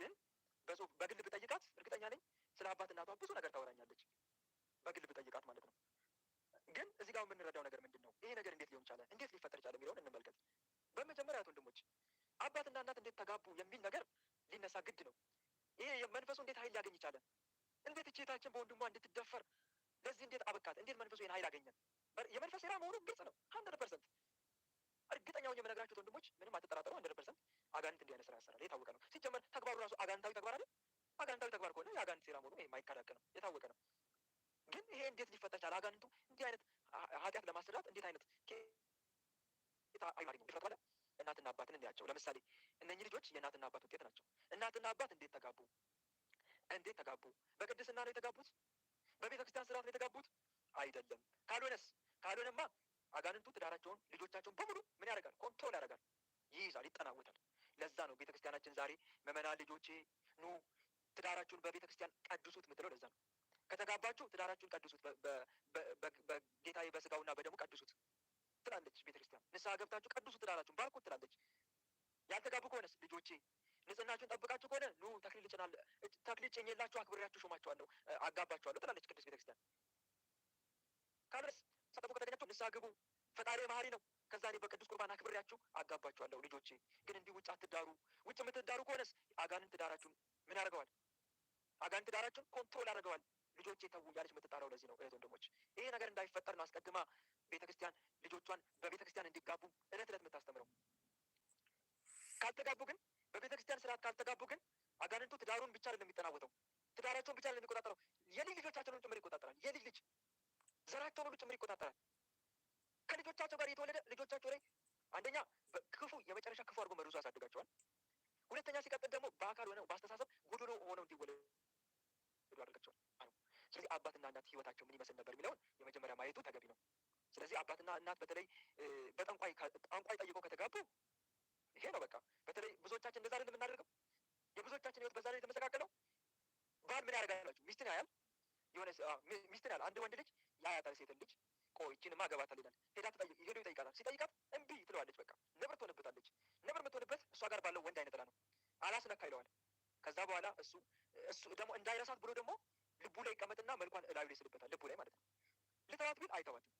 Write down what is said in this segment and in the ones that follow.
ግን በግል ብጠይቃት እርግጠኛ ነኝ ስለ አባት እናቷ ብዙ ነገር ታወራኛለች። በግል ብጠይቃት ማለት ነው። ግን እዚህ ጋር የምንረዳው ነገር ምንድን ነው? ይሄ ነገር እንዴት ሊሆን ቻለ? እንዴት ሊፈጠር ቻለ የሚለውን እንመልከት። በመጀመሪያ ወንድሞች አባትና እናት እንዴት ተጋቡ የሚል ነገር ሊነሳ ግድ ነው። ይሄ መንፈሱ እንዴት ኃይል ሊያገኝ ይቻለ? እንዴት እህታችን በወንድሟ እንድትደፈር ለዚህ እንዴት አበቃት? እንዴት መንፈሱ ይህን ኃይል አገኘን? የመንፈስ ሥራ መሆኑ ግልጽ ነው። ሀንድረድ ፐርሰንት እርግጠኛ ሆኜ የምነግራችሁት ወንድሞች ምንም አትጠራጠሩ። ሀንድረድ ፐርሰንት አጋንንት እንዲህ አይነት ስራ ያሰራል። የታወቀ ነው። ሲጀመር ተግባሩ ራሱ አጋንንታዊ ተግባር አይደል? አጋንንታዊ ተግባር ከሆነ የአጋንንት ስራ መሆኑ የማይከራከር ነው። የታወቀ ነው። ግን ይሄ እንዴት ሊፈጠር ቻለ? አጋንንቱ እንዲህ አይነት ኃጢአት ለማሰራት እንዴት አይነት አይማሪ ነው ይፈጥራል። እናትና አባትን እንዲያቸው ለምሳሌ እነኚህ ልጆች የእናትና አባት ውጤት ናቸው። እናትና አባት እንዴት ተጋቡ? እንዴት ተጋቡ? በቅድስና ነው የተጋቡት? በቤተ ክርስቲያን ስርዓት ነው የተጋቡት? አይደለም። ካልሆነስ ካልሆነማ አጋንንቱ ትዳራቸውን ልጆቻቸውን በሙሉ ምን ያደርጋል? ኮንትሮል ያደርጋል፣ ይይዛል፣ ይጠናወታል። ለዛ ነው ቤተክርስቲያናችን ዛሬ መመና ልጆቼ ኑ ትዳራችሁን በቤተክርስቲያን ክርስቲያን ቀድሱት የምትለው ለዛ ነው። ከተጋባችሁ ትዳራችሁን ቀድሱት፣ በጌታዬ በስጋውና በደሙ ቀድሱት ትላለች ቤተክርስቲያን። ክርስቲያን። ንስሐ ገብታችሁ ቀድሱ ትዳራችሁን ባርኩት ትላለች። ያልተጋቡ ከሆነስ ልጆቼ ንጽህናችሁን ጠብቃችሁ ከሆነ ኑ ተክሊል ጭናለ ተክሊል ጭኝላችሁ አክብሬያችሁ ሾማችኋለሁ፣ አጋባችኋለሁ ትላለች ቅድስት ቤተክርስቲያን። ክርስቲያን። ካልረስ ሳጠፉ ከተገኛችሁ ንስሐ ግቡ ፈጣሪ ባህሪ ነው። ከዛ እኔ በቅዱስ ቁርባን አክብሬያችሁ አጋባችኋለሁ። ልጆቼ ግን እንዲህ ውጭ አትዳሩ። ውጭ የምትዳሩ ከሆነስ አጋንንት ትዳራችሁን ምን ያደርገዋል? አጋንንት ትዳራችሁን ኮንትሮል ያደርገዋል። ልጆቼ ተዉ እያለች የምትጣራው ለዚህ ነው። እህት ወንድሞች፣ ይሄ ነገር እንዳይፈጠር ነው አስቀድማ ቤተክርስቲያን ልጆቿን በቤተክርስቲያን እንዲጋቡ እለት እለት የምታስተምረው። ካልተጋቡ ግን በቤተክርስቲያን ስርዓት ካልተጋቡ ግን አጋንንቱ ትዳሩን ብቻ አይደለም የሚጠናወተው፣ ትዳራቸውን ብቻ አይደለም የሚቆጣጠረው፣ የልጅ ልጆቻቸውን ጭምር ይቆጣጠራል። የልጅ ልጅ ዘራቸውን ሁሉ ጭምር ይቆጣጠራል። ከልጆቻቸው ጋር የተወለደ ልጆቻቸው ላይ አንደኛ ክፉ የመጨረሻ ክፉ አድርጎ መርዞ ያሳድጋቸዋል። ሁለተኛ ሲቀጥል ደግሞ በአካል ሆነው በአስተሳሰብ ጎዶሎ ሆነው እንዲወለዱ አድርጋቸዋል። ስለዚህ አባትና እናት ህይወታቸው ምን ይመስል ነበር የሚለውን የመጀመሪያ ማየቱ ተገቢ ነው። ስለዚህ አባትና እናት በተለይ በጠንቋይ ጠንቋይ ጠይቆ ከተጋቡ ይሄ ነው በቃ። በተለይ ብዙዎቻችን እንደዛ አይደለም የምናደርገው። የብዙዎቻችን ህይወት በዛ ላይ የተመሰቃቀለው። ባል ምን ያደርጋላችሁ? ሚስትን ያያል፣ የሆነ ሚስትን ያያል። አንድ ወንድ ልጅ ያያታል ሴትን ልጅ ቆይ ይቺንማ አገባታለሁ ይላል። ሄዳ ትጠይቅ ሄዶ ይጠይቃታል። ሲጠይቃት እምቢ ትለዋለች። በቃ ነብር ትሆንበታለች። ነብር የምትሆንበት እሷ ጋር ባለው ወንድ አይነት ነው። አላስነካ ይለዋል። ከዛ በኋላ እሱ እሱ ደግሞ እንዳይረሳት ብሎ ደግሞ ልቡ ላይ ይቀመጥና መልኳን እላዩ ላይ ይስልበታል። ልቡ ላይ ማለት ነው። ልተዋት ግን አይተዋትም።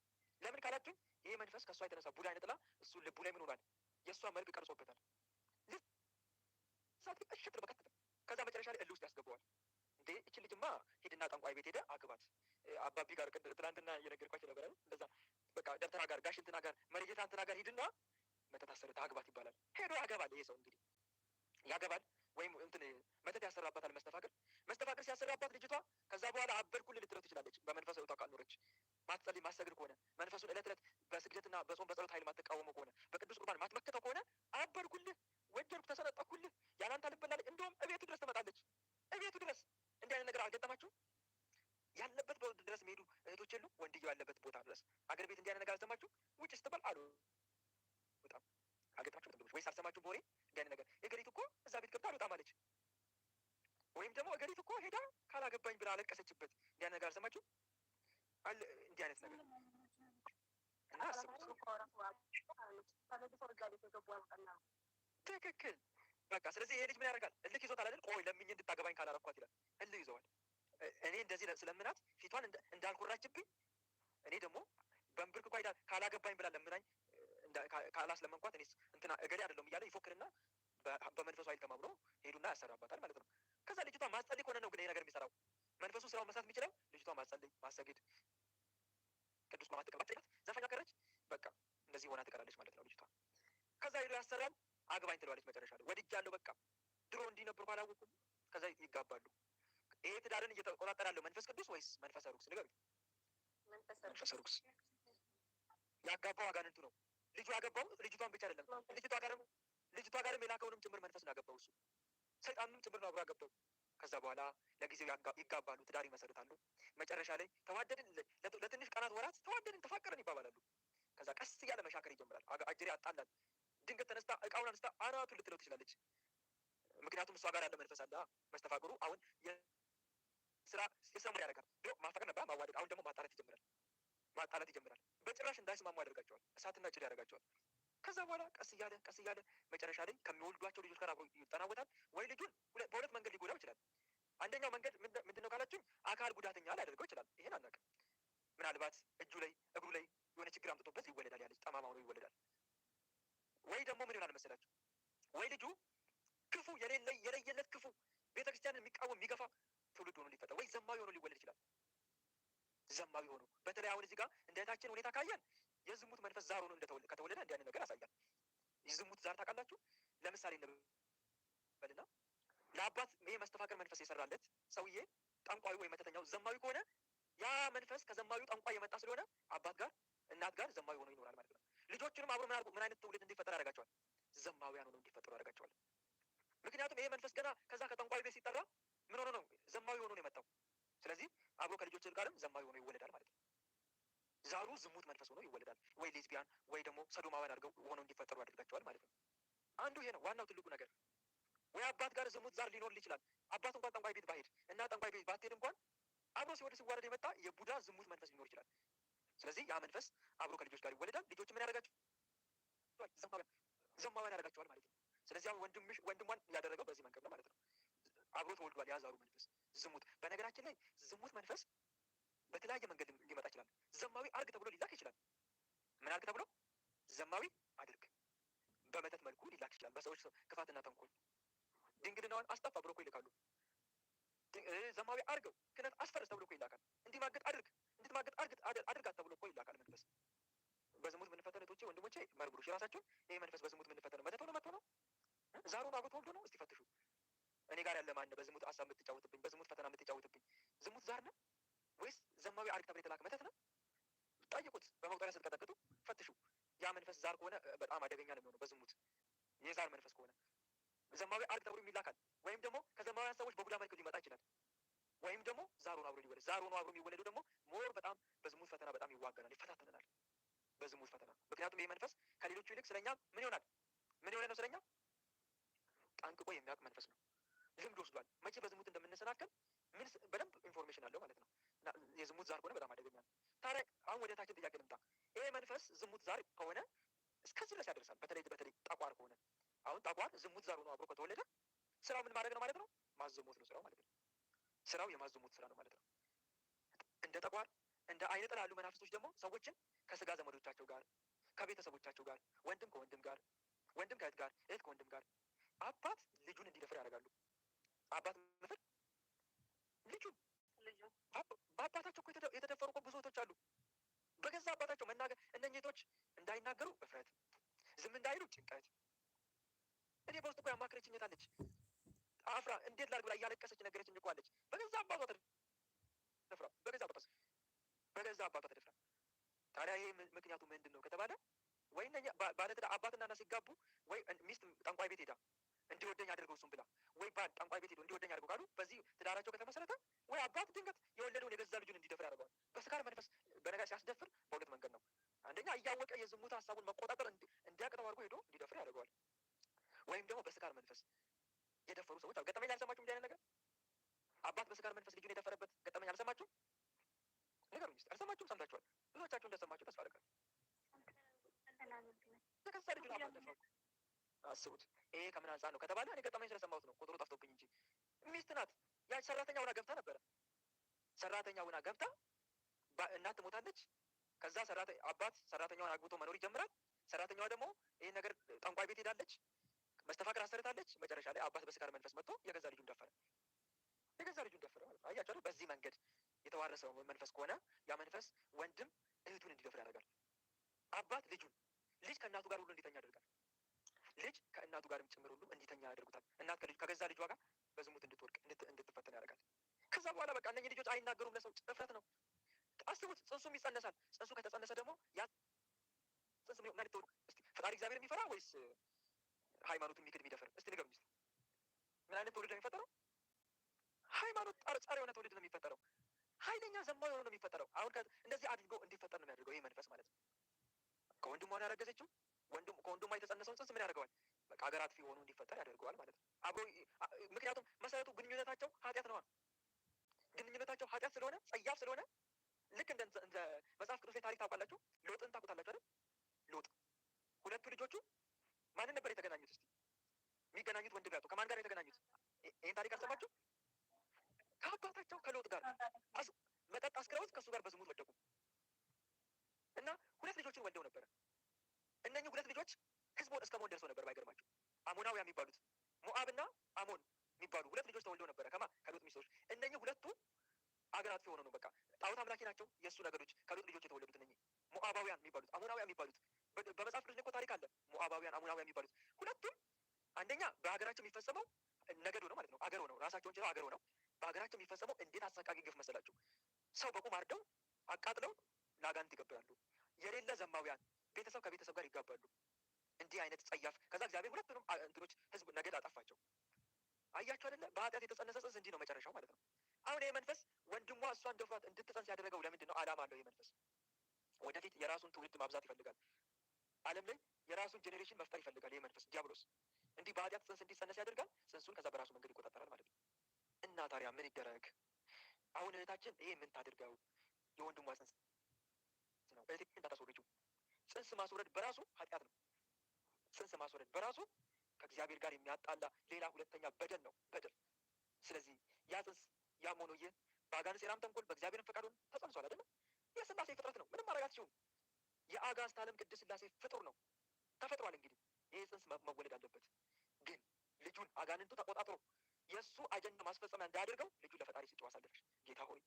ለምን ካላችሁኝ ይህ መንፈስ ከእሷ የተነሳ ቡዳ አይነት ጥላ እሱ ልቡ ላይ ምን ሆኗል? የእሷ መልክ ቀርጾበታል። ሳት እሺ ትል በቀጥታ ከዛ መጨረሻ ላይ እልህ ውስጥ ያስገባዋል። እንዴ እችን ልጅማ ሂድና ጠንቋይ ቤት ሄደ አግባት አባቢ ጋር ቅድም ትናንትና እየነገርኳቸው ነበር። እንደዛ በቃ ደብተራ ጋር ጋሽ እንትና ጋር መሪጌታ እንትና ጋር ሂድና መተታሰረ ታግባት ይባላል። ሄዶ ያገባል። ይሄ ሰው እንግዲህ ያገባል ወይም እንትን መተት ያሰራባታል። መስተፋቅር መስተፋቅር ሲያሰራባት ልጅቷ ከዛ በኋላ አበድኩል ልትለው ትችላለች። በመንፈሳዊ እውታ ካልኖረች ማትጸልይ ማሰግድ ከሆነ መንፈሱን እለት ዕለት በስግደትና በጾም በጸሎት ኃይል ማትቃወመው ከሆነ በቅዱስ ቁርባን ማትመከተው ከሆነ አበድኩልህ፣ ወደድኩ፣ ተሰነጠቅኩልህ፣ ያላንተ አልበላለች። እንደውም እቤቱ ድረስ ትመጣለች። እቤቱ ድረስ እንዲህ አይነት ነገር አልገጠማችሁም? ያለበት ድረስ መሄዱ እህቶች የሉ ወንድየው ያለበት ቦታ ድረስ አገር ቤት እንዲያነ ነገር አልሰማችሁ ውጭ ስትባል አሉ በጣም አልገጥማችሁ ወንድሞች ወይስ አልሰማችሁ በወሬ እንዲያነ ነገር የገሪት እኮ እዛ ቤት ገብታ አልወጣም አለች ወይም ደግሞ እገሪት እኮ ሄዳ ካላገባኝ ብላ አለቀሰችበት እንዲያነ ነገር አልሰማችሁ አለ እንዲህ አይነት ነገር እና ትክክል በቃ ስለዚህ ይሄ ልጅ ምን ያደርጋል እልክ ይዞታል አይደል ቆይ ለምኝ እንድታገባኝ ካላረኳት ይላል እልህ ይዘዋል እኔ እንደዚህ ስለምናት ፊቷን እንዳልኮራችብኝ እኔ ደግሞ በንብርክ ኳይዳ ካላገባኝ ብላ ለምናኝ ካላስለመንኳት እኔ እንትና እገሌ አይደለሁም እያለ ይፎክርና በመንፈሱ ኃይል ተማምኖ ሄዱና ያሰራባታል ማለት ነው። ከዛ ልጅቷ ማስጸልይ ከሆነ ነው ግን ይሄ ነገር የሚሰራው መንፈሱ ስራውን መስራት የሚችለው ልጅቷ ማስጸልይ፣ ማሰግድ፣ ቅዱስ ማማት ተቀባት ዘፈኛ ቀረች። በቃ እንደዚህ ሆና ትቀራለች ማለት ነው ልጅቷ። ከዛ ሄዶ ያሰራል። አግባኝ ትለዋለች መጨረሻ ላይ ወድጃለሁ፣ በቃ ድሮ እንዲህ ነበርኩ አላወኩም። ከዛ ይጋባሉ። ይሄ ትዳርን እየተቆጣጠረ ያለው መንፈስ ቅዱስ ወይስ መንፈሰ ርኩስ ንገሩኝ። መንፈሰ ርኩስ ያጋባው አጋንንቱ ነው። ልጁ ያገባው ልጅቷን ብቻ አይደለም፣ ልጅቷ ጋርም ልጅቷ ጋርም የላከውንም ጭምር መንፈስ ነው ያገባው። እሱ ሰይጣንም ጭምር ነው አብሮ ያገባው። ከዛ በኋላ ለጊዜው ይጋባሉ፣ ትዳር ይመሰርታሉ። መጨረሻ ላይ ተዋደድን፣ ለትንሽ ቀናት ወራት ተዋደድን፣ ተፋቀርን ይባባላሉ። ከዛ ቀስ እያለ መሻከር ይጀምራል። አጅሬ አጣላል። ድንገት ተነስታ እቃውን አንስታ አናቱ ልትለው ትችላለች። ምክንያቱም እሷ ጋር ያለ መንፈስ አለ መስተፋቅሩ አሁን ስራ የሰሙን ያደርጋል። ብሎ ማፋቀር ነበር ማዋደቅ። አሁን ደግሞ ማጣላት ይጀምራል። ማጣላት ይጀምራል። በጭራሽ እንዳይስማሙ ያደርጋቸዋል። እሳትና ጭድ ያደርጋቸዋል። ከዛ በኋላ ቀስ እያለ ቀስ እያለ መጨረሻ ላይ ከሚወልዷቸው ልጆች ጋር አብሮ ይጠናወታል። ወይ ልጁን በሁለት መንገድ ሊጎዳው ይችላል። አንደኛው መንገድ ምንድነው ነው አካል ጉዳተኛ ሊያደርገው ይችላል። ይሄን አናውቅም። ምናልባት እጁ ላይ እግሩ ላይ የሆነ ችግር አምጥቶበት ይወለዳል። ያለች ጠማማ ሆኖ ይወለዳል። ወይ ደግሞ ምን ይሆናል መሰላችሁ? ወይ ልጁ ክፉ የሌለ የለየለት ክፉ ቤተክርስቲያንን የሚቃወም የሚገፋ ትውልድ ሆኖ ሊፈጠር ወይ ዘማዊ ሆኖ ሊወለድ ይችላል። ዘማዊ ሆኖ በተለይ አሁን እዚህ ጋር እንደ እህታችን ሁኔታ ካየን የዝሙት መንፈስ ዛር ሆኖ ከተወለደ እንዲያን ነገር ያሳያል። የዝሙት ዛር ታውቃላችሁ። ለምሳሌ እንበልና ለአባት ይሄ መስተፋቅር መንፈስ የሰራለት ሰውዬ ጠንቋዩ ወይ መተተኛው ዘማዊ ከሆነ ያ መንፈስ ከዘማዊ ጠንቋይ የመጣ ስለሆነ አባት ጋር እናት ጋር ዘማዊ ሆኖ ይኖራል ማለት ነው። ልጆችንም አብሮ ምን አይነት ትውልድ እንዲፈጠር ያደርጋቸዋል? ዘማዊያን ሆኖ እንዲፈጠሩ ያደርጋቸዋል። ምክንያቱም ይሄ መንፈስ ገና ከዛ ከጠንቋዩ ቤት ሲጠራ ምን ሆኖ ነው ዘማዊ ሆኖ ነው የመጣው። ስለዚህ አብሮ ከልጆች ጋርም ዘማዊ ሆኖ ይወለዳል ማለት ነው። ዛሩ ዝሙት መንፈስ ሆኖ ይወለዳል። ወይ ሌዝቢያን ወይ ደግሞ ሰዶማውያን አድርገው ሆኖ እንዲፈጠሩ ያደርጋቸዋል ማለት ነው። አንዱ ይሄ ነው ዋናው ትልቁ ነገር። ወይ አባት ጋር ዝሙት ዛር ሊኖር ይችላል። አባት እንኳን ጠንቋይ ቤት ባሄድ እና ጠንቋይ ቤት ባትሄድ እንኳን አብሮ ሲወልድ ሲዋለድ የመጣ የቡዳ ዝሙት መንፈስ ሊኖር ይችላል። ስለዚህ ያ መንፈስ አብሮ ከልጆች ጋር ይወለዳል። ልጆች ምን ያደርጋቸው? ዘማውያን ያደርጋቸዋል ማለት ነው። ስለዚህ አሁን ወንድምሽ ወንድሟን ያደረገው በዚህ መንገድ ነው ማለት ነው። አብሮ ተወልዷል። ያዛሩ መንፈስ ዝሙት። በነገራችን ላይ ዝሙት መንፈስ በተለያየ መንገድ ሊመጣ ይችላል። ዘማዊ አርግ ተብሎ ሊላክ ይችላል። ምን አርግ ተብሎ ዘማዊ አድርግ በመተት መልኩ ሊላክ ይችላል። በሰዎች ክፋትና ተንኮል ድንግልናዋን አስጠፋ ብሎ እኮ ይልካሉ። ዘማዊ አርገው ክህነት አስፈርስ ተብሎ እኮ ይላካል። እንዲህ ማገጥ አድርግ፣ እንድትማገጥ አድርጋት ተብሎ እኮ ይላካል መንፈስ። በዝሙት የምንፈተኑ እህቶቼ ወንድሞቼ መርምሩ የራሳችሁን። ይሄ መንፈስ በዝሙት የምንፈተነው መተት ሆነ መጥቶ ነው ዛሩ አግብቶ ወልዶ ነው? እስቲ ፈትሹ። እኔ ጋር ያለ ማን በዝሙት አሳብ የምትጫወትብኝ በዝሙት ፈተና የምትጫወትብኝ ዝሙት ዛር ነው ወይስ ዘማዊ አርግ ተብሎ የተላከ መተት ነው? ጠይቁት። በመቁጠሪያ ስትቀጠቅጡ ፈትሹ። ያ መንፈስ ዛር ከሆነ በጣም አደገኛ ነው የሚሆነው። በዝሙት የዛር መንፈስ ከሆነ ዘማዊ አርግ ተብሎ የሚላካል ወይም ደግሞ ከዘማውያን ሰዎች በቡዳ መልክ ሊመጣ ይችላል። ወይም ደግሞ ዛር አብሮ ሊወለድ ዛር አብሮ የሚወለዱ ደግሞ ሞር በጣም በዝሙት ፈተና በጣም ይዋገናል፣ ይፈታተናል በዝሙት ፈተና። ምክንያቱም ይህ መንፈስ ከሌሎቹ ይልቅ ስለኛ ምን ይሆናል? ምን የሆነ ነው ስለኛ ጠንቅቆ የሚያውቅ መንፈስ ነው። ልምድ ወስዷል። መቼ በዝሙት እንደምንሰናከል ምን በደንብ ኢንፎርሜሽን አለው ማለት ነው። የዝሙት ዛር ከሆነ በጣም አደገኛ ነው። ታዲያ አሁን ወደ ታችን ጥያቄ ልምጣ። ይሄ መንፈስ ዝሙት ዛር ከሆነ እስከዚህ ድረስ ያደርሳል። በተለይ በተለይ ጠቋር ከሆነ አሁን ጠቋር ዝሙት ዛር ሆኖ አብሮ ከተወለደ ስራው ምን ማድረግ ነው ማለት ነው? ማዘሞት ነው ስራው ማለት ነው። ስራው የማዘሞት ስራ ነው ማለት ነው። እንደ ጠቋር እንደ አይነ ጥላ ያሉ መናፍስቶች ደግሞ ሰዎችን ከስጋ ዘመዶቻቸው ጋር ከቤተሰቦቻቸው ጋር ወንድም ከወንድም ጋር ወንድም ከእህት ጋር እህት ከወንድም ጋር አባት ልጁን እንዲደፍር ያደርጋሉ። አባት ልጁ በአባታቸው እኮ የተደፈሩ እኮ ብዙ እህቶች አሉ። በገዛ አባታቸው መናገር እነኚህ እህቶች እንዳይናገሩ እፍረት፣ ዝም እንዳይሉ ጭንቀት። እኔ በውስጥ እኮ ያማክረችኝ እህት አለች። አፍራ እንዴት ላድርግ ብላ እያለቀሰች ነገረችኝ እኮ አለች። በገዛ አባቷ ተደፍራ፣ በገዛ አባቷ በገዛ አባቷ ተደፍራ። ታዲያ ይሄ ምክንያቱ ምንድን ነው ከተባለ ወይ ባለትዳር አባትና እናት ሲጋቡ ወይ ሚስት ጠንቋይ ቤት ሄዳ እንዲወደኝ አድርገው እሱም ብላ ወይ ባል ጠንቋይ ቤት ሄዶ እንዲወደኝ አድርገው ካሉ በዚህ ትዳራቸው ከተመሰረተ ወይ አባት ድንገት የወለደውን የገዛ ልጁን እንዲደፍር ያደርገዋል። በስካር መንፈስ በነጋ ሲያስደፍር በሁለት መንገድ ነው። አንደኛ እያወቀ የዝሙት ሀሳቡን መቆጣጠር እንዲያቅተው አድርጎ ሄዶ እንዲደፍር ያደርገዋል። ወይም ደግሞ በስካር መንፈስ የደፈሩ ሰዎች ገጠመኝ አልሰማችሁም? እንዲህ አይነት ነገር አባት በስካር መንፈስ ልጁን የደፈረበት ገጠመኝ አልሰማችሁ? ነገሩኝ እስኪ አልሰማችሁም? ሰምታችኋል። ብዙዎቻችሁ እንደሰማችሁ ተስፋ አደርጋለሁ። ተከሳ ልጁን አባት ደፈረው አስቡት። ይሄ ከምን አንጻር ነው ከተባለ እኔ ገጠመኝ ስለሰማሁት ነው፣ ቁጥሩ ጠፍቶብኝ እንጂ ሚስት ናት። ያች ሰራተኛ ሁና ገብታ ነበረ። ሰራተኛ ሁና ገብታ እናት ትሞታለች። ከዛ አባት ሰራተኛዋን አግብቶ መኖር ይጀምራል። ሰራተኛዋ ደግሞ ይህን ነገር ጠንቋይ ቤት ሄዳለች፣ መስተፋቅር አሰርታለች። መጨረሻ ላይ አባት በስካር መንፈስ መጥቶ የገዛ ልጁን ደፈረ። የገዛ ልጁን ደፈረ ማለት ነው። አያቸው። በዚህ መንገድ የተዋረሰው መንፈስ ከሆነ ያ መንፈስ ወንድም እህቱን እንዲደፍር ያደርጋል። አባት ልጁን፣ ልጅ ከእናቱ ጋር ሁሉ እንዲተኛ ያደርጋል። ልጅ ከእናቱ ጋርም ጭምር ሁሉ እንዲተኛ ያደርጉታል። እናት ከገዛ ልጇ ጋር በዝሙት እንድትወድቅ እንድትፈተን ያደርጋል። ከዛ በኋላ በቃ እነኝህ ልጆች አይናገሩም። ለሰው ጥፍረት ነው። አስቡት። ጽንሱም ይጸነሳል። ጽንሱ ከተጸነሰ ደግሞ ያ ጽንስ ምን ልትሆኑ እስቲ ፈጣሪ እግዚአብሔር የሚፈራ ወይስ ሃይማኖት የሚክድ የሚደፍር እስቲ ንገሩኝ። ምን አይነት ትውልድ ነው የሚፈጠረው? ሃይማኖት ጸር የሆነ ትውልድ ነው የሚፈጠረው። ኃይለኛ ዘማዊ የሆነ ነው የሚፈጠረው። አሁን እንደዚህ አድርጎ እንዲፈጠር ነው የሚያደርገው ይህ መንፈስ ማለት ነው። ከወንድሟ ነው ያረገዘችው ከወንድሟ የተጸነሰውን ጽንስ ምን ያደርገዋል? በቃ ሀገር አጥፊ እንዲፈጠር ያደርገዋል ማለት ነው። አብሮ ምክንያቱም መሰረቱ ግንኙነታቸው ኃጢአት ነዋ። ግንኙነታቸው ኃጢአት ስለሆነ ጸያፍ ስለሆነ ልክ እንደ መጽሐፍ ቅዱስ ታሪክ ታውቃላችሁ። ሎጥን ታውቁታላችሁ አይደል? ሎጥ ሁለቱ ልጆቹ ማንን ነበር የተገናኙት? እስቲ የሚገናኙት ወንድም ያጡ ከማን ጋር የተገናኙት? ጣዖት አምላኪ ናቸው። የእሱ ነገዶች ከሎጥ ልጆች የተወለዱት እነ ሞአባውያን የሚባሉት አሞናውያን የሚባሉት በመጽሐፍ ቅዱስ እኮ ታሪክ አለ። ሞአባውያን አሞናውያን የሚባሉት ሁለቱም አንደኛ በሀገራቸው የሚፈጸመው ነገድ ሆነው ማለት ነው አገር ሆነው ራሳቸውን ችለው አገር ሆነው በሀገራቸው የሚፈጸመው እንዴት አሰቃቂ ግፍ መሰላቸው ሰው በቁም አርደው አቃጥለው ለአጋንንት ይገብራሉ። የሌለ ዘማውያን ቤተሰብ ከቤተሰብ ጋር ይጋባሉ። እንዲህ አይነት ጸያፍ ከዛ እግዚአብሔር ሁለቱንም እንትኖች ህዝብ ነገድ አጠፋቸው። አያቸው አይደለ? በኃጢአት የተጸነሰ ጽንስ እንዲህ ነው መጨረሻው ማለት ነው። አሁን ይህ መንፈስ ወንድሟ እሷ እንደፍሯት እንድትጸንስ ያደረገው ለምንድን ነው? ዓላማ አለው። ይህ መንፈስ ወደፊት የራሱን ትውልድ ማብዛት ይፈልጋል። ዓለም ላይ የራሱን ጄኔሬሽን መፍጠር ይፈልጋል። ይህ መንፈስ ዲያብሎስ እንዲህ በኃጢአት ጽንስ እንዲጸነስ ያደርጋል። ጽንሱን ከዛ በራሱ መንገድ ይቆጣጠራል ማለት ነው። እና ታዲያ ምን ይደረግ? አሁን እህታችን ይሄ ምን ታድርገው? የወንድሟ ጽንስ ነው። እህቴን ታታስወርጁ። ጽንስ ማስወረድ በራሱ ኃጢአት ነው። ጽንስ ማስወረድ በራሱ ከእግዚአብሔር ጋር የሚያጣላ ሌላ ሁለተኛ በደል ነው፣ በደል። ስለዚህ ያ ጽንስ ያም ሆኖ ይህ በአጋንንት ሴራም ተንኮል በእግዚአብሔርን ፈቃዱን ተጸንሷል። አይደለም የስላሴ ፍጥረት ነው። ምንም ማድረግ አትችሉም። የአጋዕዝተ ዓለም ቅድስት ስላሴ ፍጡር ነው፣ ተፈጥሯል። እንግዲህ ይህ ጽንስ መወለድ አለበት። ግን ልጁን አጋንንቱ ተቆጣጥሮ የእሱ አጀንዳ ማስፈጸሚያ እንዳያደርገው ልጁን ለፈጣሪ ስጭው አሳልፈሽ። ጌታ ሆይ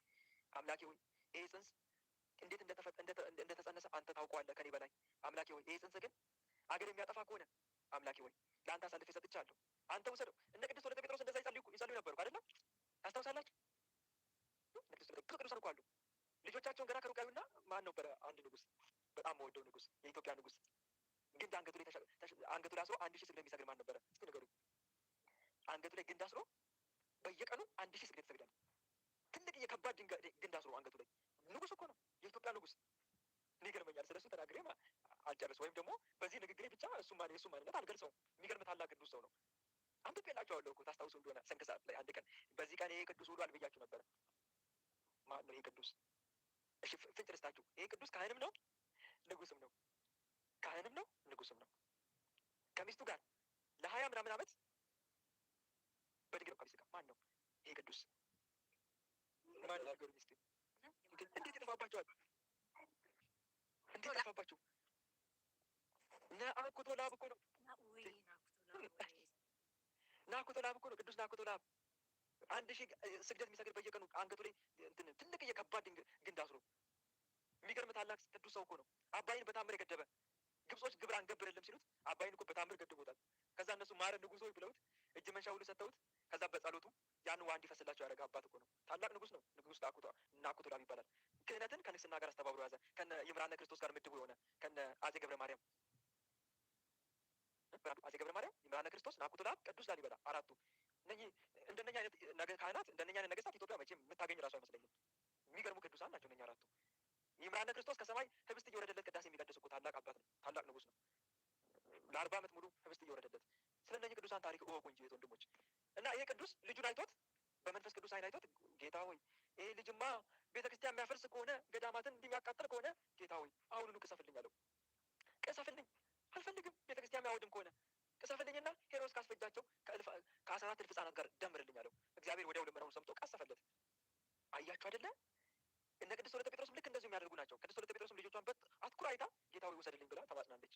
አምላኬ ሆይ ይህ ጽንስ እንዴት እንደተጸነሰ አንተ ታውቀዋለህ ከኔ በላይ አምላኬ ሆይ ይህ ጽንስ ግን አገር የሚያጠፋ ከሆነ አምላኬ ሆይ ለአንተ አሳልፌ ሰጥቻለሁ፣ አንተ ውሰደው። እነ ቅድስት ወለተ ጴጥሮስ እንደዛ ይጸልዩ ነበሩ አይደለም ታስታውሳላችሁ? ቅዱሳን እኮ አሉ። ልጆቻቸውን ገና ከሩቅ ያዩና ማን ነበረ? አንድ ንጉስ በጣም መወደው ንጉስ የኢትዮጵያ ንጉስ ግን አንገቱ ላይ አንገቱ ላይ አስሮ አንድ ሺህ ስግደት የሚሰግድ ማን ነበረ? እስኪ ንገሩኝ። አንገቱ ላይ ግንድ አስሮ በየቀኑ አንድ ሺህ ስግደት ይሰግዳል። ትልቅ የከባድ ግንድ አስሮ አንገቱ ላይ ንጉስ እኮ ነው፣ የኢትዮጵያ ንጉስ። እኔ ይገርመኛል። ስለሱ ተናግሬ አልጨርስ ወይም ደግሞ በዚህ ንግግሬ ብቻ እሱ ማን የእሱ ማንነት አልገልጸውም። የሚገርም ታላቅ ቅዱስ ሰው ነው። አንብቤላችኋለሁ እኮ ታስታውሱ እንደሆነ ስንክሳር ላይ አንድ ቀን በዚህ ቀን ይሄ ቅዱስ ውሏል ብያችሁ ነበረ። ማን ነው ይሄ ቅዱስ? እሺ ፍንጭ ልስጣችሁ። ይሄ ቅዱስ ካህንም ነው ንጉስም ነው። ካህንም ነው ንጉስም ነው። ከሚስቱ ጋር ለሀያ ምናምን ዓመት በድግር ከሚስቱ ጋር ማን ነው ይሄ ቅዱስ? ማን ነገሩ? ሚስት እንዴት ይጠፋባችኋል? እንዴት ይጠፋባችሁ? ናአኩቶ ላብኮ ነው ናኩቶ ለአብ እኮ ነው ቅዱስ ናኩቶ አንድ ሺህ ስግደት የሚሰግድ በየቀኑ አንገቱ ላይ እንትን ትልቅ እየከባድ ግንድ አስሮ የሚገርም ታላቅ ቅዱስ ሰው እኮ ነው። አባይን በታምር የገደበ ግብጾች ግብር አንገብርልም ሲሉት አባይን እኮ በታምር ገድቦታል። ከዛ እነሱ ማረ ንጉሶ ብለውት እጅ መንሻ ሁሉ ሰጥተውት ከዛ በጸሎቱ ያን ውሃ እንዲፈስላቸው ያደረገ አባት እኮ ነው። ታላቅ ንጉስ ነው። ንጉስ ናኩቶ ለአብ ይባላል። ክህነትን ከንግስና ጋር አስተባብሮ ያዘ። ከነ ይምራነ ክርስቶስ ጋር ምድቡ የሆነ ከነ አፄ ገብረ ማርያም አፄ ገብረ ማርያም፣ ይምርሃነ ክርስቶስ፣ ናኩቶ ለአብ፣ ቅዱስ ላሊበላ አራቱ እነዚህ እንደነኛ አይነት ካህናት እንደነኛ አይነት ነገስታት ኢትዮጵያ መቼም የምታገኝ ራሱ አይመስለኝም። የሚገርሙ ቅዱሳን ናቸው እነኛ አራቱ። ይምርሃነ ክርስቶስ ከሰማይ ህብስት እየወረደለት ቅዳሴ የሚቀድስ እኮ ታላቅ አባት ነው፣ ታላቅ ንጉስ ነው። ለአርባ ዓመት ሙሉ ህብስት እየወረደለት ስለ እነዚህ ቅዱሳን ታሪክ እወቁ እንጂ የት ወንድሞች። እና ይሄ ቅዱስ ልጁን አይቶት በመንፈስ ቅዱስ አይን አይቶት ጌታ ሆይ ይሄ ልጅማ ቤተ ክርስቲያን የሚያፈርስ ከሆነ ገዳማትን እንዲህ የሚያቃጥል ከሆነ ጌታ ሆይ አሁኑኑ ቅሰፍልኝ አለው። ቅሰፍልኝ አልፈልግም። ቤተክርስቲያን ያወድም ከሆነ ቀሰፈልኝና ሄሮድስ ካስፈጃቸው ከአስራ አራት እልፍ ህጻናት ጋር ደምርልኝ አለው። እግዚአብሔር ወዲያው ልመናውን ሰምቶ ቀሰፈለት። አያችሁ አይደለ? እነ ቅድስት ወለተ ጴጥሮስም ልክ እንደዚሁ የሚያደርጉ ናቸው። ቅድስት ወለተ ጴጥሮስም ልጆቿን አትኩራ አይታ ጌታ ሆይ ውሰድልኝ ብላ ተማጽናለች።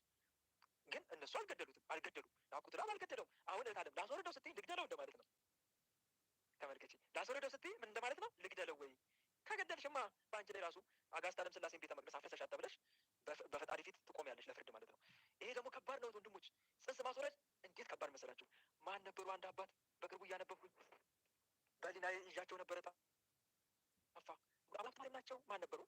ግን እነሱ አልገደሉትም፣ አልገደሉም። ናኩት ላም አልገደለውም። አሁን እህት አለም ላስወረደው ስትይ ልግደለው እንደማለት ነው። ተመልከቺ፣ ላስወረደው ስትይ ምን እንደማለት ነው? ልግደለው ወይ ከገደልሽማ በአንቺ ላይ ራሱ አጋስታ ዓለም ስላሴን ቤተ መቅደስ አፈሰሻ ተብለሽ በፈጣሪ ፊት ትቆሚያለሽ ለፍርድ ማለት ነው። ይሄ ደግሞ ከባድ ነው ወንድሞች። ጽንስ ማስወረድ እንዴት ከባድ መሰላችሁ? ማን ነበሩ? አንድ አባት በቅርቡ እያነበብኩ በሊና ይዣቸው ነበረ ጣፋ አባት ናቸው። ማን ነበሩ?